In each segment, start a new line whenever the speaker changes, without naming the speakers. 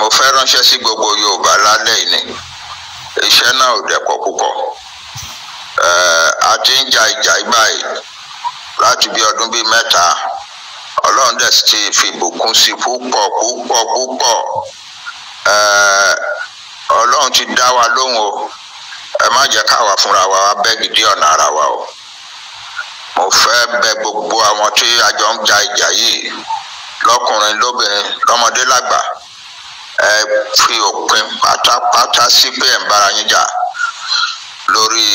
mo fẹ́ ránṣẹ́ sí gbogbo Yorùbá lálẹ́ yìí ni iṣẹ́ náà ò dẹ̀pọ̀ púpọ̀ a ti ń ja ìjà báyìí láti bí ọdún bíi mẹ́ta Ọlọ́run dẹ̀ ti fi ìbùkún sí púpọ̀ púpọ̀ púpọ̀ Ọlọ́run ti dá wa lóhùn o ẹ má jẹ́ káwa fúnra wa wá bẹ́ẹ̀ gidi ọ̀nà ara wa o mo fẹ́ bẹ gbogbo àwọn tí a jọ ń ja ìjà yìí lọ́kùnrin lóbìnrin lọ́mọdé lágbà ẹ fi òpin pátápátá sí pé ẹ̀ ń bára yín jà lórí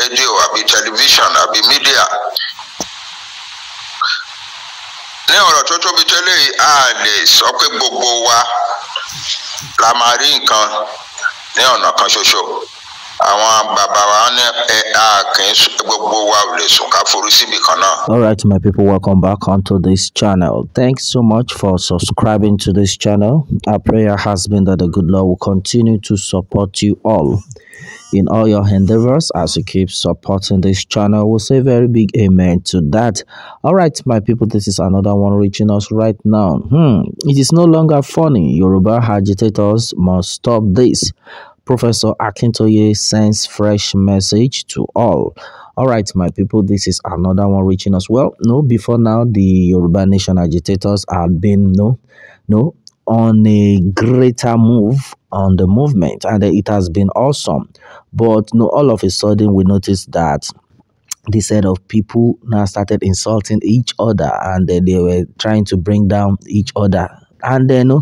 rédíò àbí tẹlifíṣàn àbí mídíà ní ọ̀rọ̀ tó tóbi tẹ́lẹ̀ a lè sọ pé gbogbo wa la máa rí nǹkan ní ọ̀nà kan ṣoṣo. alright
my people welcome back onto this channel thanks so much for subscribing to this channel our prayer has been that the good lord will continue to support you all in all your endeavors as you keep supporting this channel. We'll say very big amen to that. All right, my people, this is another one reaching us right now. Hmm, it is no longer funny. Yoruba agitators must stop this. Professor Akintoye sends fresh message to all. All right, my people, this is another one reaching us. Well, no, before now, the Yoruba Nation agitators had been, no, no, on a greater move on the movement, and it has been awesome. But no, all of a sudden, we noticed that this set of people now started insulting each other and they were trying to bring down each other and then, uh,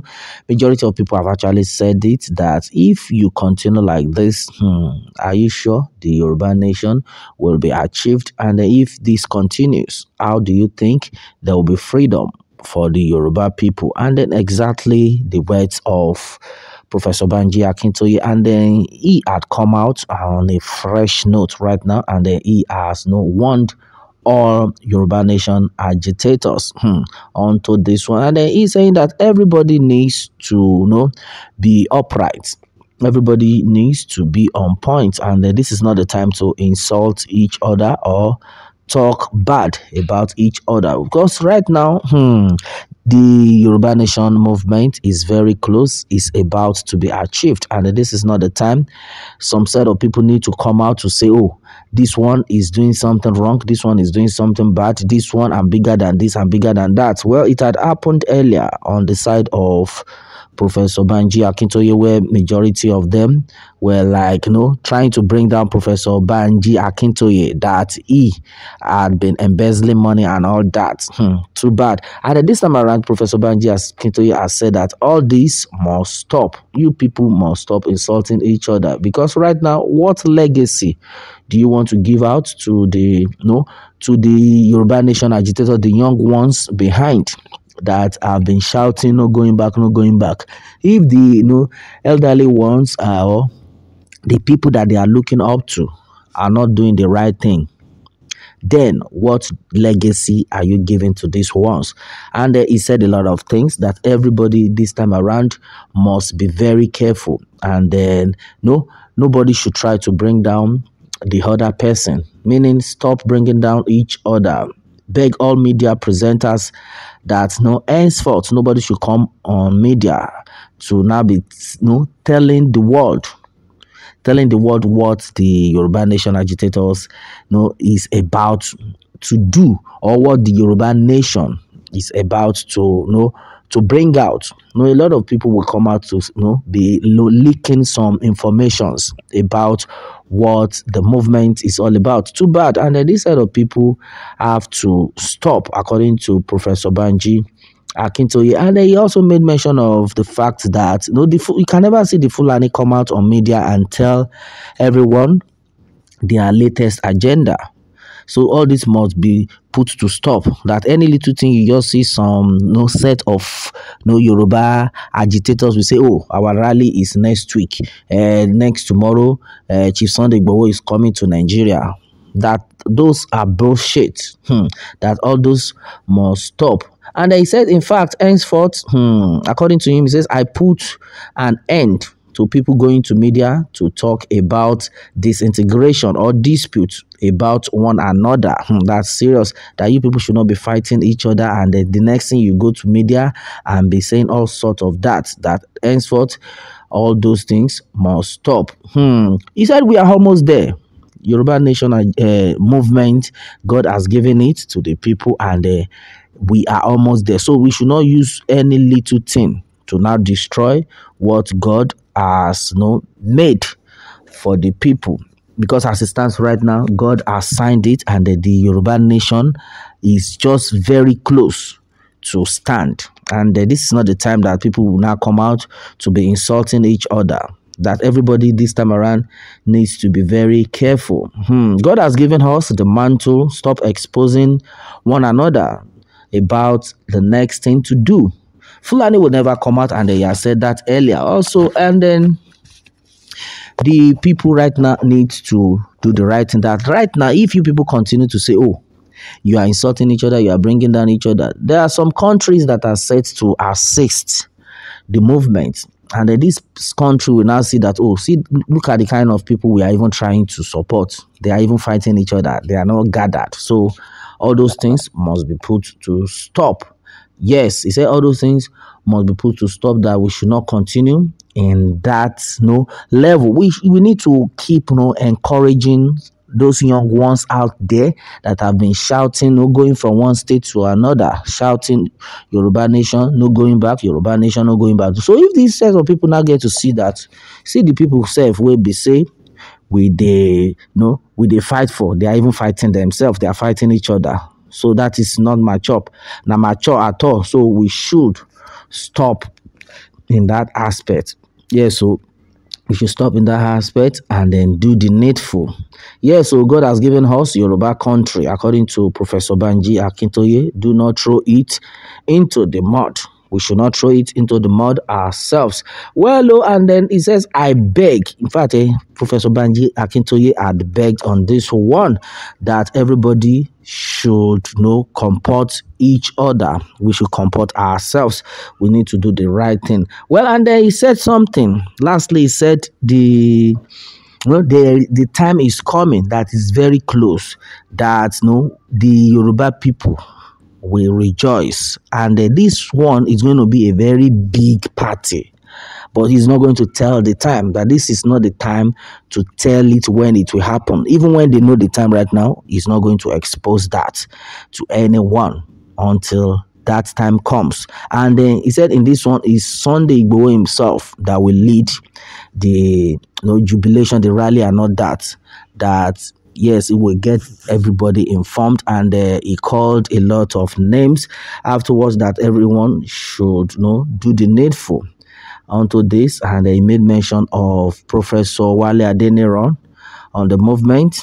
majority of people have actually said it that if you continue like this, hmm, are you sure the urban nation will be achieved? And if this continues, how do you think there will be freedom for the Yoruba people? And then, exactly the words of Professor Banji Akintoye, and then he had come out on a fresh note right now, and he has no warned all Yoruba Nation agitators hmm, onto this one. And then he's saying that everybody needs to you know be upright. Everybody needs to be on point, and this is not the time to insult each other or talk bad about each other. Because right now, hmm, the Yoruba Nation movement is very close, is about to be achieved, and this is not the time. Some set of people need to come out to say, Oh, this one is doing something wrong, this one is doing something bad, this one I'm bigger than this, I'm bigger than that. Well, it had happened earlier on the side of Professor Banji Akintoye, where majority of them were like, you know, trying to bring down Professor Banji Akintoye that he had been embezzling money and all that. Hmm, too bad. And this time around, Professor Banji Akintoye has said that all this must stop. You people must stop insulting each other because right now, what legacy do you want to give out to the, you know, to the Yoruba nation agitator, the young ones behind? that have been shouting, no going back, no going back. If the you know, elderly ones are, or the people that they are looking up to are not doing the right thing, then what legacy are you giving to these ones? And uh, he said a lot of things that everybody this time around must be very careful. And then, no, nobody should try to bring down the other person, meaning stop bringing down each other beg all media presenters that no henceforth nobody should come on media to now be no telling the world telling the world what the Yoruba Nation agitators know is about to do or what the Yoruba Nation is about to know to bring out. You know, a lot of people will come out to you know, be leaking some informations about what the movement is all about. Too bad. And then this set of people have to stop, according to Professor Banji. Akintoye, and he also made mention of the fact that you, know, the, you can never see the Fulani come out on media and tell everyone their latest agenda so all this must be put to stop. That any little thing you just see some you no know, set of you no know, Yoruba agitators will say, oh, our rally is next week, uh, next tomorrow, uh, Chief Sunday Igboho is coming to Nigeria. That those are bullshit. Hmm. That all those must stop. And he said, in fact, henceforth, hmm, according to him, he says, I put an end to people going to media to talk about disintegration or dispute about one another. Hmm, that's serious. That you people should not be fighting each other. And the, the next thing you go to media and be saying all sorts of that. That henceforth, all those things must stop. Hmm. He said we are almost there. Yoruba Nation uh, movement, God has given it to the people, and uh, we are almost there. So we should not use any little thing to now destroy what God has you know, made for the people because as it stands right now, God has signed it, and the, the Yoruba nation is just very close to stand. And uh, this is not the time that people will now come out to be insulting each other. That everybody this time around needs to be very careful. Hmm. God has given us the mantle. Stop exposing one another about the next thing to do. Fulani will never come out, and they have said that earlier also. And then the people right now need to do the right thing. That right now, if you people continue to say, oh, you are insulting each other, you are bringing down each other, there are some countries that are set to assist the movement. And this country will now see that, oh, see, look at the kind of people we are even trying to support. They are even fighting each other. They are not gathered. So all those things must be put to stop. Yes, he said all those things must be put to stop that we should not continue in that you know, level. We, we need to keep you know, encouraging those young ones out there that have been shouting, no going from one state to another, shouting Yoruba nation, no going back, Yoruba nation, no going back. So if these sets of people now get to see that, see the people self will be say we they you know we they fight for. They are even fighting themselves, they are fighting each other. So that is not mature. Not mature at all. So we should stop in that aspect yeah so we should stop in that aspect and then do the needful. Yes, so God has given us Yoruba country, according to Professor Banji Akintoye. Do not throw it into the mud. We should not throw it into the mud ourselves. Well, oh, and then he says, I beg. In fact, eh, Professor Banji Akintoye had begged on this one that everybody should you know comport each other. We should comport ourselves. We need to do the right thing. Well, and then he said something. Lastly, he said the you know, the the time is coming that is very close that you no know, the Yoruba people will rejoice. And uh, this one is going to be a very big party. But he's not going to tell the time that this is not the time to tell it when it will happen. Even when they know the time right now, he's not going to expose that to anyone until that time comes. And then uh, he said in this one is Sunday Igbo himself that will lead the you know, jubilation, the rally, and all that. That yes, it will get everybody informed. And uh, he called a lot of names afterwards that everyone should you know do the needful onto this. And he made mention of Professor Wale Adeniran on the movement.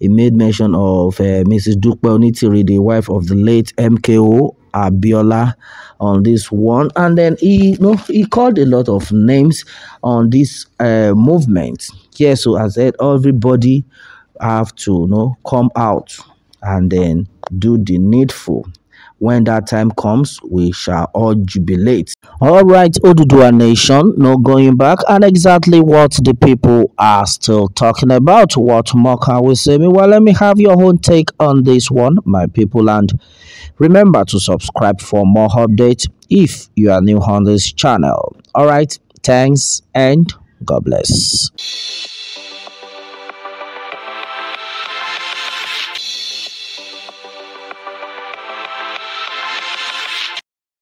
He made mention of uh, Mrs. Dupe Onitiri, the wife of the late MKO Abiola, on this one. And then he, you know, he called a lot of names on this uh, movement. Yes, yeah, so I said everybody have to you know, come out and then do the needful. When that time comes, we shall all jubilate. All right, Odudua Nation, no going back, and exactly what the people are still talking about. What Moka we say Well, let me have your own take on this one, my people, and remember to subscribe for more updates if you are new on this channel. All right, thanks and God bless.